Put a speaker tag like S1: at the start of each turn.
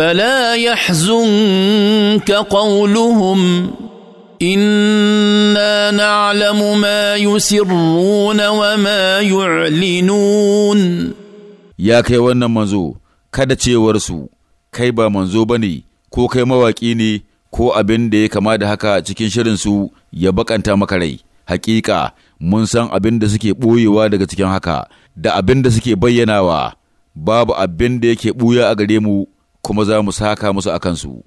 S1: فلا يحزنك قولهم انا نعلم ما يسرون وما يعلنون
S2: ya kai wannan manzo kada cewarsu kai ba manzo ba ne ko kai mawaƙi ne ko abin da ya kama da haka cikin shirinsu ya bakanta maka rai hakika mun san abin da suke ɓoyewa daga cikin haka da abin da suke bayyanawa babu abin da yake ɓuya a gare mu
S3: kuma za mu saka musu a kansu.